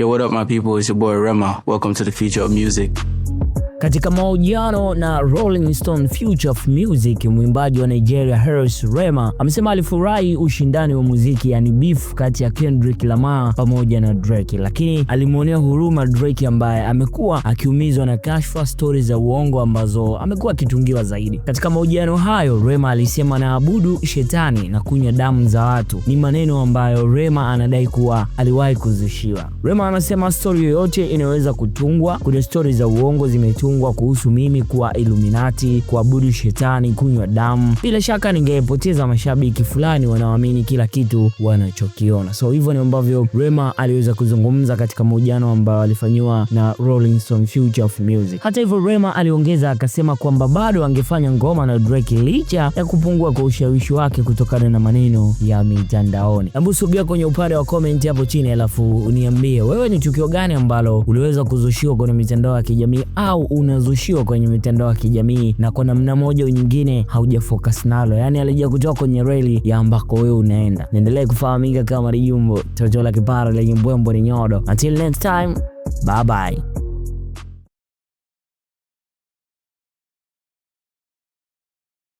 Yo, what up, my people? It's your boy Rema. Welcome to the future of music. Katika mahojiano na Rolling Stone Future of Music, mwimbaji wa Nigeria Harris Rema amesema alifurahi ushindani wa muziki, yani beef kati ya Kendrick Lamar pamoja na Drake, lakini alimwonea huruma Drake ambaye amekuwa akiumizwa na kashfa, stori za uongo ambazo amekuwa akitungiwa zaidi. Katika mahojiano hayo, Rema alisema naabudu shetani na kunywa damu za watu, ni maneno ambayo Rema anadai kuwa aliwahi kuzushiwa. Rema anasema stori yoyote inaweza kutungwa, kuna stori za uongo zimetua chungwa kuhusu mimi kuwa Illuminati, kuabudu shetani, kunywa damu. Bila shaka ningepoteza mashabiki fulani wanaoamini kila kitu wanachokiona. So hivyo ni ambavyo Rema aliweza kuzungumza katika mahojiano ambayo alifanyiwa na Rolling Stone Future of Music. Hata hivyo, Rema aliongeza akasema kwamba bado angefanya ngoma na Drake licha ya kupungua kwa ushawishi wake kutokana na maneno ya mitandaoni. Hebu subia kwenye upande wa comment hapo chini, alafu uniambie wewe ni tukio gani ambalo uliweza kuzushiwa kwenye mitandao ya kijamii au unazushiwa kwenye mitandao ya kijamii na kwa namna moja au nyingine haujafocus nalo, yani alija kutoka kwenye reli ya ambako wewe unaenda. Niendelee kufahamika kama Rijumbo, toto la kipara lenye mbwembwe ni nyodo. Until next time, bye bye.